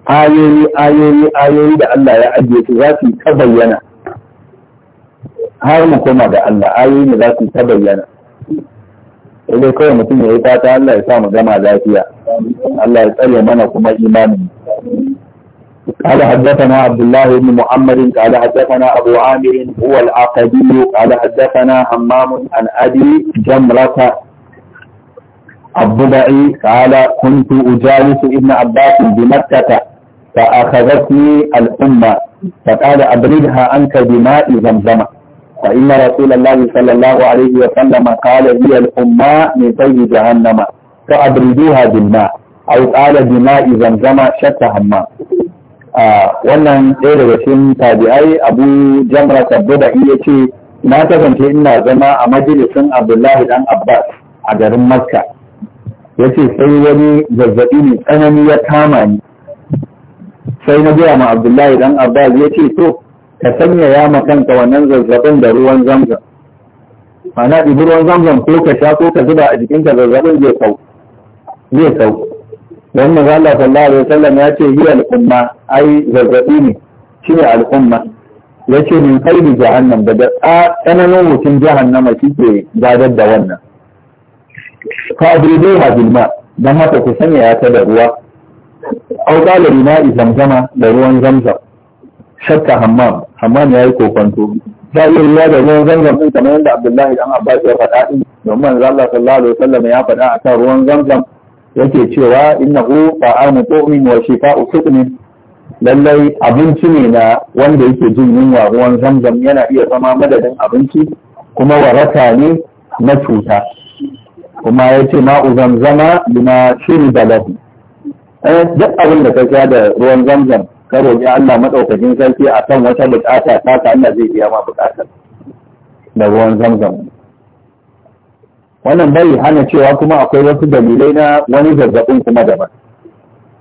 ayoyi ayoyi ayoyi da Allah ya ajiye su za su ta bayyana har mu koma da Allah ayoyi ne za su ta bayyana sai kawai mutum ya yi fata Allah ya sa mu gama lafiya Allah ya tsare mana kuma imanin قال حدثنا عبد الله بن محمد قال حدثنا ابو عامر هو العقدي قال حدثنا همام عن ابي جمره الضبعي قال كنت أجالس ابن عباس بمكة فأخذتني الأمة فقال أبردها عنك بماء زمزم فإن رسول الله صلى الله عليه وسلم قال هي الأمة من زي جهنم فأبردوها بالماء أو قال بماء زمزم شتى هما wannan ɗaya daga cikin tabi'ai abu jamra sabbi da iya ce na kasance ina zama a majalisin abdullahi dan abbas a garin makka ya ce sai wani zazzaɓi mai tsanani ya kama ni sai na gaya ma abdullahi dan abbas ya ce to ka sanya ya ma kanka wannan zazzaɓin da ruwan zamzam ma'ana ɗibi ruwan zamzam ko ka sha ko ka zuba a jikinka zazzaɓin zai sau. zai kau don mazala sallallahu alaihi wasallam ya ce yi al'umma ai zazzaɓi ne shi ne al'umma ya ce min kai da jahannan da tsananin mutum jahannama shi ke gadar da wannan fadribuha bilma dan haka ku sanya ta da ruwa aw qala bi zamzama da ruwan zamzam shakka hammam hammam yayi kokonto za iya ruwa da ruwan zamzam din kamar yadda Abdullahi dan Abbas ya faɗa din don man Allah sallallahu alaihi wasallam ya faɗa kan ruwan zamzam yake cewa innahu ta'amu qawmin wa shifa'u tu'min lallai abinci ne na wanda yake jin yunwa ruwan zamzam yana iya zama madadin abinci kuma waraka ne na cuta kuma ya ce ma'u zamzama lima shiri da lafi eh, duk abin da ka sha da ruwan zamzam ka roƙi Allah maɗaukakin sarki a kan wata buƙata ta ka Allah zai biya ma buƙatar da ruwan zamzam wannan bai hana cewa kuma akwai wasu dalilai na wani zazzabin kuma daban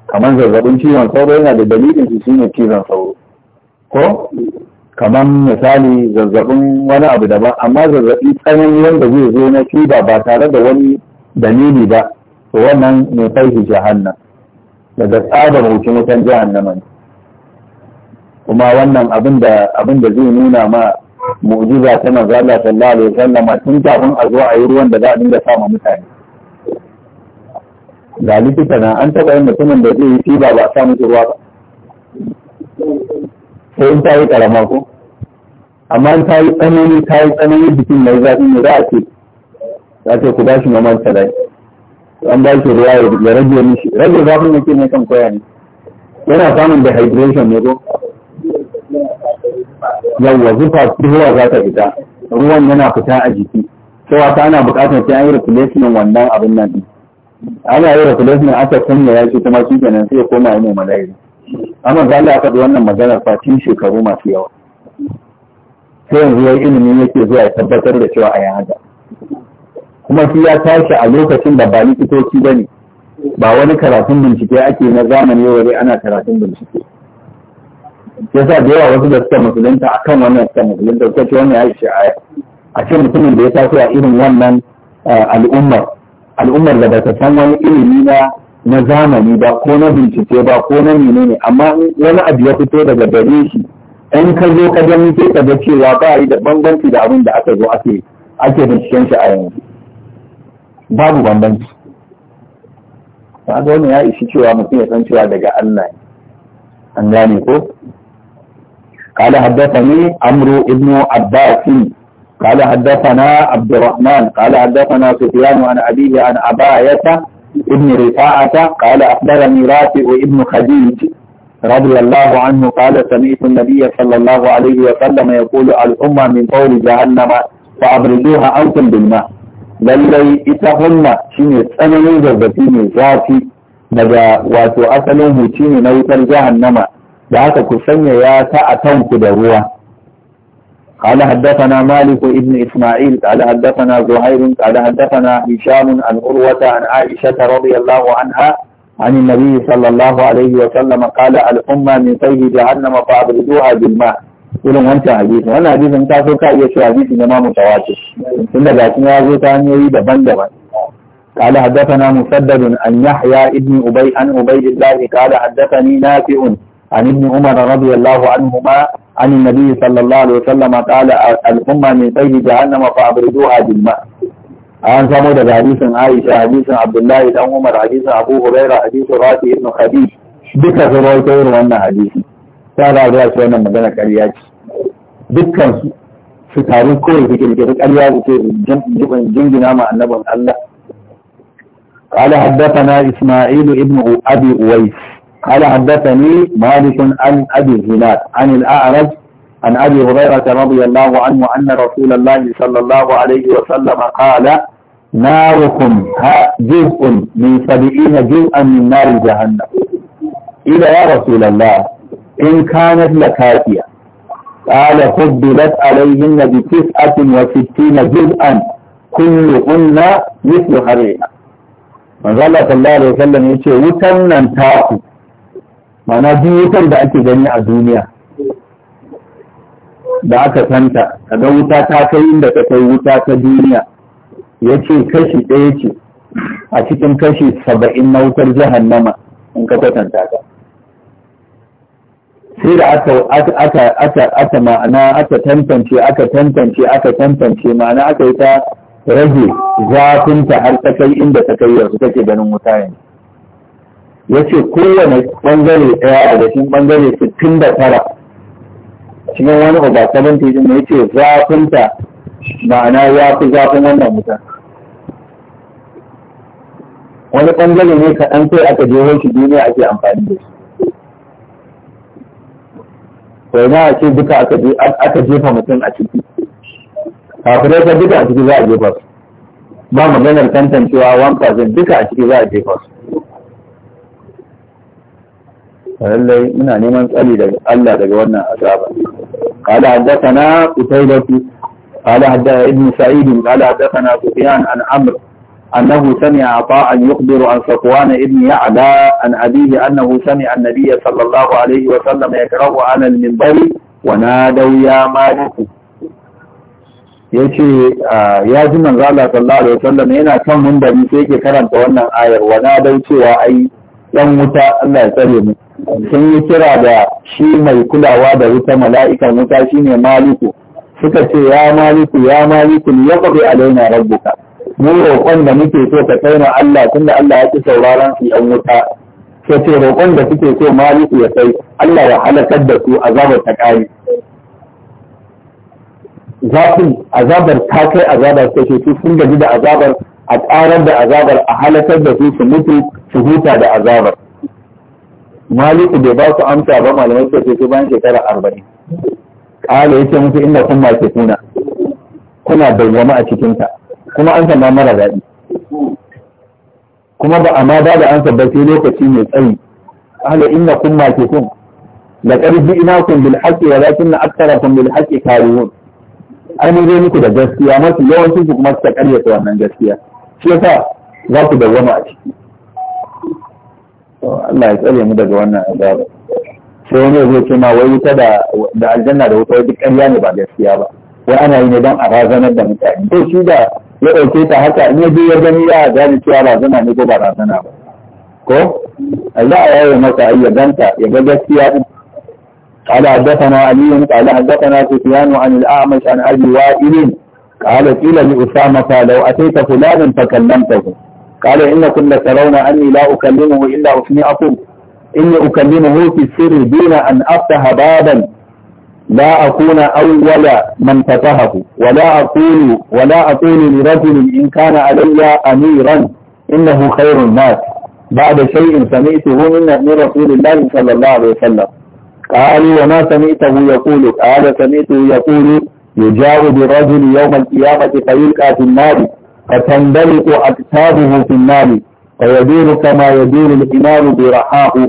kamar zazzaɓin ciwon sauro yana da dalilin su shine cizon sauro ko kamar misali zazzabin wani abu daban amma zazzabi tsanani wanda zai zo na fiba ba tare da wani dalili ba to wannan ne faihi jahannam daga tsada wucin wutan jahannama ne kuma wannan abin da abin da zai nuna ma mu'jiza ta manzo Allah sallallahu alaihi wasallam tun kafin a zo a yi ruwan da za a dinga sama mutane ga likita na an taba yin mutumin da zai yi fiba ba a sa musu ruwa ba sai in ta yi karama ko amma in ta yi tsanani ta yi tsanani bikin mai zafi ne za a ce za ce ku ba shi mamar sadai an ba shi ruwa ya rage mishi rage zafin yake ne kan koya ne yana samun dehydration ne ko yawwa zufa ruwa za ta fita ruwan yana fita a jiki cewa ta ana buƙatar sai an yi replacement wannan abin nan ana yi replacement aka kunya ya ce kuma shi kenan sai ya koma yin malaria amma da Allah faɗi wannan maganar fatin shekaru masu yawa sai yanzu wai ilimi yake zuwa ya tabbatar da cewa a yi haka kuma shi ya tashi a lokacin da ba likitoci ba ne ba wani karatun bincike ake na zamani yau dai ana karatun bincike yasa da yawa wasu da suka musulunta a kan wannan suka musulunta suka ce wannan ya shi a ce mutumin da ya taso a irin wannan eh, al'ummar al'ummar da ba ta san wani ilimi na na zamani ba ko na bincike ba ko na menene amma wani abu ya fito daga gare shi in ka zo ka gani sai ka ga cewa ba yi da bambanci da abin da aka zo ake ake binciken shi a yanzu babu bambanci ba ga wani ya ishi cewa mutum ya san cewa daga Allah ne an gane ko قال حدثني عمرو بن عباس قال حدثنا عبد الرحمن قال حدثنا سفيان عن أبيه عن أباية ابن رفاعة قال أخبرني رافئ ابن خديج رضي الله عنه قال سمعت النبي صلى الله عليه وسلم يقول الأمة من طول جهنم فأبرزوها أنتم بالماء لَلَّيْ إِتَهُنَّ شِنِي السَّنَيْنِ زَرْبَتِينِ زَاتِ daga wato asalin hutu ne na wutar jahannama da aka kusanya قال حدثنا مالك ابن إسماعيل قال حدثنا زهير قال حدثنا هشام عن عروة عن عائشة رضي الله عنها عن النبي صلى الله عليه وسلم قال الأمة من طيه جهنم فأبردوها بالماء irin wancan انت حديث hadisin حديث so ka شيء حديث انما متواتر ma mutawatir tunda ga ان يريد zo قال حدثنا مسدد عن يحيى ابن أبي عن أبي الله قال حدثني نافع عن ابن عمر رضي الله عنهما عن النبي صلى الله عليه وسلم قال الأمة من طيب جهنم فأبردوها بالماء an samo da hadisin Aisha hadisin Abdullahi dan Umar hadisin Abu Huraira hadisin Rafi ibn Khadij duka su rawaito irin wannan hadisi ta da zuwa su wannan magana ƙarya ce dukkan su taru kawai suke da ƙarya su annabin Allah قال حدثنا إسماعيل ابن أبي أويس قال حدثني مالك عن أبي الهلال عن الأعرج عن أبي هريرة رضي الله عنه أن رسول الله صلى الله عليه وسلم قال ناركم جزء من سبعين جزءا من نار جهنم إلى يا رسول الله إن كانت لكافية قال فضلت عليهن بتسعة وستين جزءا كلهن مثل هريرة من صلى الله عليه وسلم يقول وتنن تاكو mana duk wutar da ake gani a duniya da aka santa kaga wuta ta kai inda ta kai wuta ta duniya ya ce kashi ɗaya ce a cikin kashi saba'in na wutar jahannama in ka kwatanta ka sai da aka aka aka ma'ana aka tantance aka tantance aka tantance ma'ana aka yi ta rage zafinta har ta kai inda ta kai yanzu take ganin wuta yanzu ya ce kowane ɓangare ɗaya a cikin ɓangare sittin da tara cikin wani uba sabon tijin ya ce zafinta ma'ana ya fi zafin wannan wuta wani ɓangare ne kaɗan sai aka jeho shi duniya ake amfani da shi sai na ce duka aka jefa mutum a ciki kafirai ka duka a ciki za a jefa su ba maganar tantancewa zai duka a ciki za a jefa su lallai muna neman tsari daga Allah daga wannan azaba qala haddathana qutaybatu qala haddatha ibn sa'id qala haddathana sufyan an amr أنه سمع عطاء يخبر عن صفوان ابن يعلى عن أبيه أنه سمع النبي صلى الله عليه وسلم يكره على المنبر ونادوا يا مالك yace ah, ya ji manzo Allah sallallahu alaihi wasallam yana kan munbari sai yake karanta wannan ayar wa na cewa ai yan wuta Allah ya tsare mu sun yi kira da shi mai kulawa da wuta mala'ikan wuta shi ne maliku suka ce ya maliku ya maliku ya kwabi alaina rabbuka mu roƙon da muke so ka tsaina Allah tunda Allah ya ki sauraron su yan wuta ka ce roƙon da suke so maliku ya kai Allah ya halakar da su azabar ta ƙari zafin azabar ta kai azabar ta ce sun gaji da azabar a ƙarar da azabar a halakar da su su mutu su huta da azabar maliku bai ba su amsa ba malamai suka ce sai bayan shekara arba'in kala ya ce musu inda kun ma ke kuna kuna dawwama a cikinta kuma an sama mara daɗi kuma ba a ma ba da ansa ba sai lokaci mai tsayi kala inna kun ma ke kun da ƙarfi ina kun bil haƙƙi wa lakin na aktara kun bil haƙƙi kariyun an yi zai muku da gaskiya masu yawancin su kuma ƙarya ƙaryata wannan gaskiya shi yasa za ku dawwama a ciki Allah ya tsare mu daga wannan azaba sai wani zai ce ma wai wuta da da aljanna da wuta duk ƙarya ne ba gaskiya ba wai ana yi ne don a razanar da mutane to shi da ya ɗauke ta haka in ya je ya gani ya gane cewa razana ne ko ba razana ba ko Allah ya yi masa ya ganta ya ga gaskiya din قال حدثنا علي قال حدثنا سفيان عن الأعمش عن أبي وائل قال قيل لأسامة لو أتيت فلانا فكلمته قال إنكم لترون أني لا أكلمه إلا أسمعكم إني أكلمه في السر دون أن أفتح بابا لا أكون أول من فتحه ولا أقول ولا أقول لرجل إن كان علي أميرا إنه خير الناس بعد شيء سمعته من رسول الله صلى الله عليه وسلم قالوا وما سمعته يقول قال سمعته يقول يجاوب الرجل يوم القيامة فيلقى في النار فتندلق أكتابه في النار فيدور كما يدور الإمام برحاه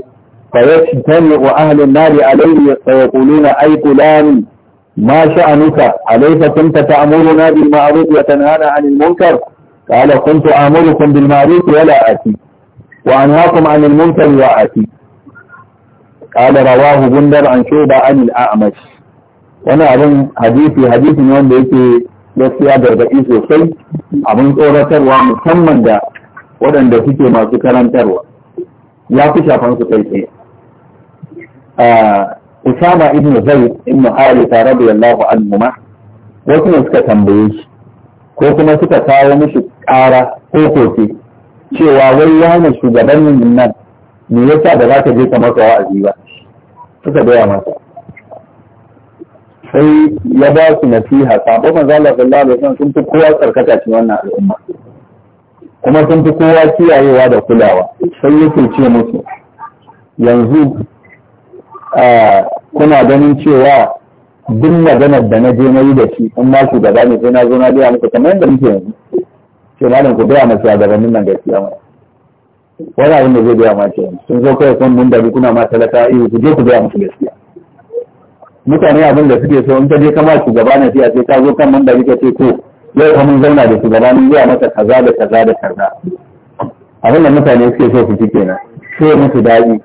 فيجتمع أهل النار عليه فيقولون أي فلان ما شأنك أليس كنت تأمرنا بالمعروف وتنهانا عن المنكر قال كنت آمركم بالمعروف ولا آتي وأنهاكم عن المنكر وآتي قال رواه بندر عن شوبة عن الأعمش وانا أظن حديثي حديث من وين gaskiya gargaɗi sosai abin tsoratarwa musamman da waɗanda suke masu karantarwa ya fi shafan su kai tsaye Usama ibn Zayd ibn da radiyallahu anhu ma wasu ne suka tambaye shi ko kuma suka kawo mishi ƙara ko koke cewa wai yana shugaban nan me yasa da za ka je ka masa wa'azi ba suka doya masa sai ya ba su nasiha sabo manzo Allah sallallahu alaihi wasallam sun fi kowa tsarkata cikin wannan al'umma kuma sun fi kowa kiyayewa da kulawa sai yake ce musu yanzu kuna ganin cewa duk maganar da na je na yi da shi in ma gaba ne sai na zo na biya muku kamar yadda muke yanzu ce malam ku biya masu shugabannin nan gaskiya mai wani abin da zai biya ma ke sun zo kawai sun mun dari kuna ma talaka iri ku je ku biya musu gaskiya mutane abin da suke so in ka je kama shugaba na fiya sai ka zo kan man da ka ce ko yau ka mun zauna da shugaba mun gaya masa kaza da kaza da kaza abin da mutane suke so su ci kenan sai musu daɗi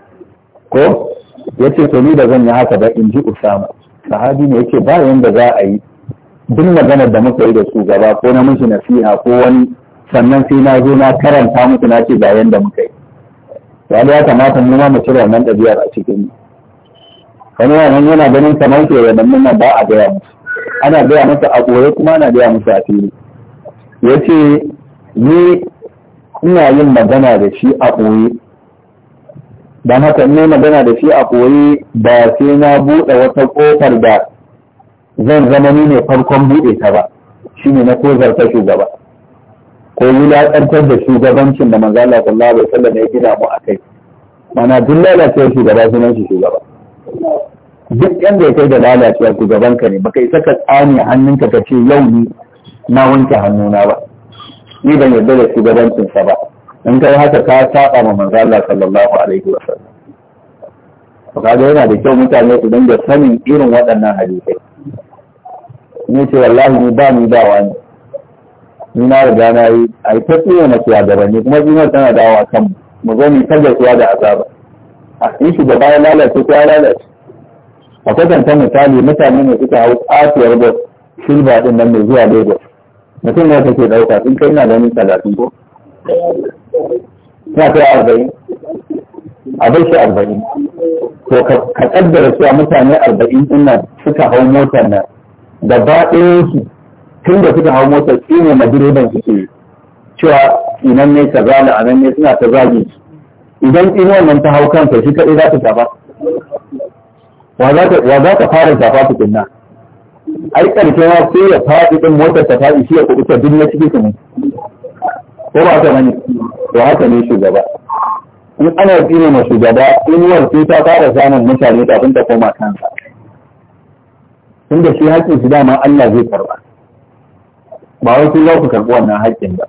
ko yace to ni da zan yi haka ba in ji usama sahabi ne yace ba yanda za a yi duk maganar da muka yi da shugaba ko na mishi nasiha ko wani sannan sai na zo na karanta musu na ce ba yanda muka yi wanda ya kamata mu ma mu cire wannan ɗabi'ar a cikin wani wannan yana ganin kamar ke da nan ba a gaya musu ana gaya masa a ɓoye kuma ana gaya musu a fili ya ce ni ina yin magana da shi a ɓoye don haka ne magana da shi a ɓoye ba sai na buɗe wata ƙofar da zan zama ni ne farkon buɗe ta ba shi ne na kozar ta shugaba ko wulaƙantar da shugabancin da manzo sallallahu alaihi wasallam ya gina mu a kai mana duk lalacewar shugaba sunan shi shugaba duk yanda ya kai da lalacewa shugabanka ne baka isa ka tsani hannunka ka ce yau ni na wanke hannuna ba ni ban yarda da shugabancinsa ba in kai haka ka saba ma manzo Allah sallallahu alaihi wa sallam kaga yana da kyau mutane su dinga sanin irin waɗannan hadisai ni ce wallahi ni ba ni dawa ne ni na riga na yi a yi ta tsina na kuwa kuma tsinar tana dawa kan mu zo ni ta gaisuwa da azaba in da ya lalace ko ya lalace a kwatanta misali mutane ne suka hau katuwar da shirba din nan mai zuwa lagos mutum ne kake ɗauka sun kai na ganin talatin ko na kai arba'in a bai shi arba'in to ka kaddara cewa mutane arba'in din nan suka hau motar nan da ba su tun da suka hau motar shi ne direban suke cewa inan ne a nan ne suna ta zagi idan inuwan nan ta hau kansa shi kaɗai za ta shafa wa za ta fara shafa tukunna ai ƙarshen ma sai ya faɗi ɗin motar ta faɗi shi ya kuɗi duk na cikin ne ko ba ta bane to haka ne shugaba in ana tsine ma shugaba inuwar sai ta fara samun mutane kafin ta koma kansa tunda shi haƙƙin su, dama Allah zai karba ba wai sun za ku karɓi wannan haƙƙin ba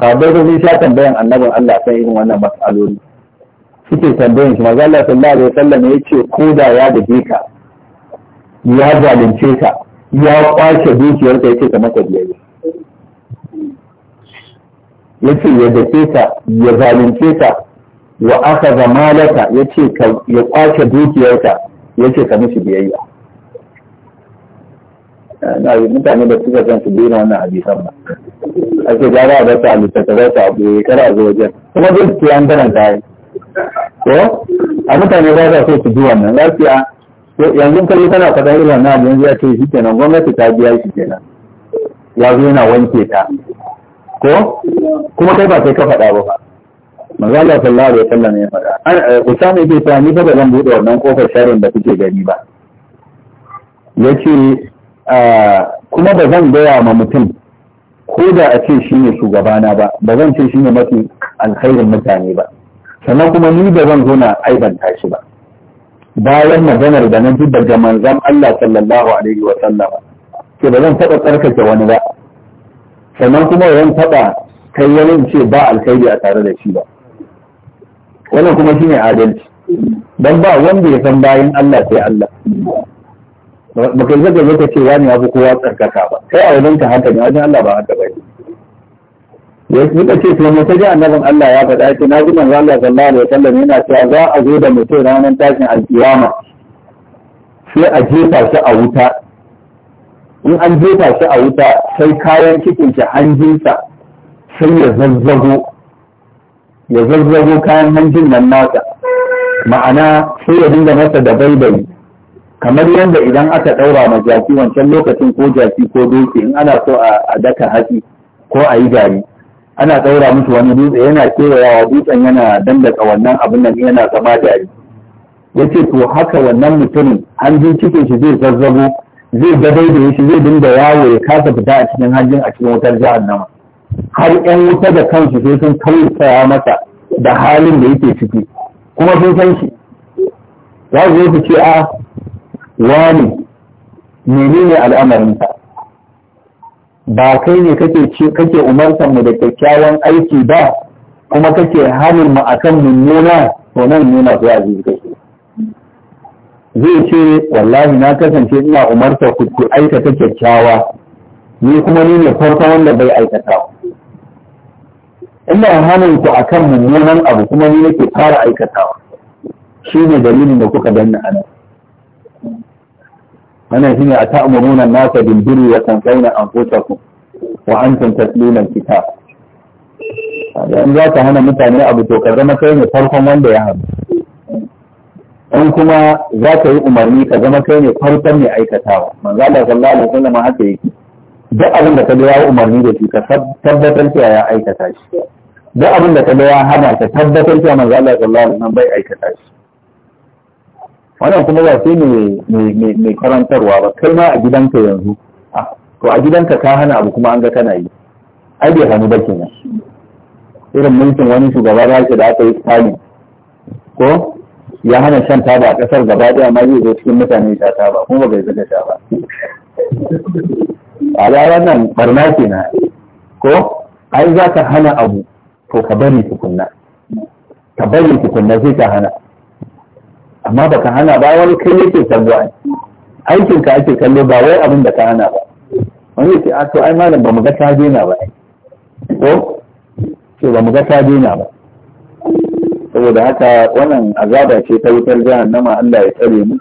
sahabbai daga sun sha tambayan annabin Allah kan irin wannan matsaloli suke tambayan shi maza Allah sallallahu alaihi wasallam ya ce ko da ya dake ka ya zalunce ka ya kwace dukiyar ka yace ka maka biyayya yace ya dake ka ya zalunce ka wa akhadha malaka yace ka ya kwace dukiyar ka yace ka mishi biyayya na mutane da suka san su bi wannan hadisan ba ake gara a dasa a littattafai ta abu kara a zo wajen kuma zai ci an karanta yi ko a mutane ba za su su ji wannan lafiya yanzu kai tana faɗa irin wannan abin zai ce shi kenan gwamnati ta biya shi kenan ya zo yana wanke ta ko kuma kai ba sai ka faɗa ba magana sallallahu alaihi wasallam ya faɗa eh, usama ibn ta ni fa zan buɗe wannan kofar sharrin da kuke gani ba yace ah, kuma ba zan gaya ma mutum ko da a ce shi ne shugabana ba ba zan ce shi ne mafi alkhairin mutane ba sannan kuma ni da zan zo na aibanta shi ba bayan maganar da na ji daga manzon Allah sallallahu alaihi wa sallama ke ba zan taɓa tsarkake wani ba sannan kuma zan taɓa kai wani ce ba alkhairi a tare da shi ba wannan kuma shi ne adalci don ba wanda ya san bayan Allah sai Allah ba kai zaka zaka ce wani ya fi kowa tsarkaka ba kai a wajen ka haka ne wajen Allah ba haka ba ya suka ce to mu ji annabin Allah ya faɗa ce na ji manzo Allah sallallahu alaihi wasallam yana cewa za a zo da mutum ranar tashin alkiyama sai a jefa shi a wuta in an jefa shi a wuta sai kayan cikin shi hanjinsa sai ya zazzago ya zazzago kayan hanjin nan nasa ma'ana sai ya dinga masa da baibayi kamar yadda idan aka ɗaura ma jaki wancan lokacin ko jaki ko doki in ana so a daka hatsi ko a yi gari ana ɗaura musu wani dutse yana kewayawa dutsen yana dandaka wannan abin nan yana zama gari ya ce to haka wannan mutumin hanjin cikin shi zai zazzabo zai gadai da shi zai dinga yawo ya kasa fita a cikin hanjin a cikin wutar jahannama har yan wuta da kansu sai sun tausaya masa da halin da yake ciki kuma sun san shi za su ce a ah, wani menene al'amarinka ba kai ne kake kake umartan mu da kyakkyawan aiki ba kuma kake hannun mu kan mummuna to nan nuna zuwa zuwa kake zai ce wallahi na kasance ina umarta ku ku aikata kyakkyawa ni kuma ni ne farko wanda bai aikata ina hannun ku kan mummunan abu kuma ni nake fara aikatawa ne dalilin da kuka danna anan wannan shine a ta'muruna an-nasa bil birri wa tanqawna anfusakum wa antum tatluna kitab in za ka hana mutane abu to ka zama kai ne farkon wanda ya haɗu in kuma za ka yi umarni ka zama kai ne farkon mai aikatawa manzo Allah sallallahu alaihi wasallam haka yake duk abin da ka ga ya umarni da shi ka tabbatar cewa ya aikata shi duk abin da ka ga ya hana ka tabbatar cewa manzo Allah sallallahu alaihi wasallam bai aikata shi wannan kuma ba sai mai karantarwa ba kai ma a gidanka yanzu ah, to a gidanka ka hana abu kuma an ga kana yi ai bai hannu ba kenan irin mulkin wani shugaba da da aka yi tsali ko ya hana shan taba a kasar gaba daya ma zai zo cikin mutane sha taba kuma bai zaga sha ba a da wannan barna kenan ko ai za ka hana abu to ka bari tukunna ka bari tukunna sai ka hana amma baka hana ba wani kai yake kallo ai aikin ka ake kallo ba wai abin da ka hana ba wani yake a to ai malam ba mu ga ta ba ko to ba mu ga ta daina ba saboda haka wannan azaba ce ta wutar jahannama Allah ya tsare mu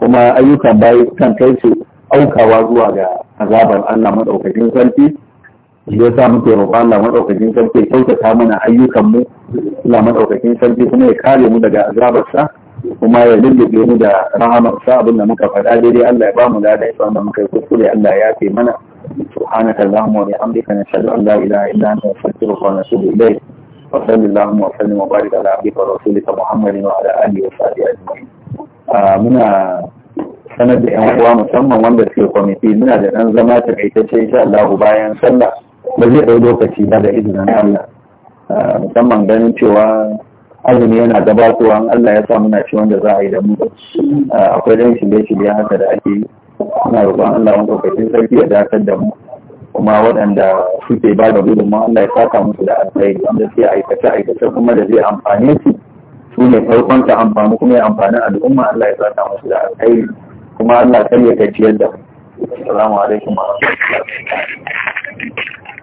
kuma ayyukan bayi kan kai su aukawa zuwa ga azabar Allah madaukakin sarki ya sa muke roƙo Allah madaukakin sarki ya kyautata mana ayyukan Allah madaukakin sarki kuma ya kare mu daga azabarsa. sa kuma ya lullube mu da rahama sa abin da muka faɗa daidai Allah ya bamu da ya da muka yi kuskure Allah ya fi mana subhanaka allahumma wa bihamdika nashhadu an la ilaha illa anta nastaghfiruka wa natubu ilayk wa sallallahu wa sallim wa barik ala abdika wa rasulika muhammadin wa ala alihi wa sahbihi ajma'in ah, muna sanar da yan uwa musamman wanda suke kwamiti muna da ɗan zama ta ce, insha Allah bayan sallah ba zai ɗau lokaci ba da izinin Allah ah, musamman ganin cewa azumi yana gabatowa an Allah ya sa muna ci wanda za a yi da mu akwai dan shirye-shirye haka da ake yi muna roƙon Allah wanda kwakwacin sarki ya dakatar da mu kuma waɗanda suke ba da gudunma Allah ya saka musu da alkhairi wanda suke aikace aikace kuma da zai amfane su su ne farkon ta amfani kuma ya amfani al'umma Allah ya saka musu da alkhairi kuma Allah kar ya gajiyar da mu assalamu alaikum wa rahmatullahi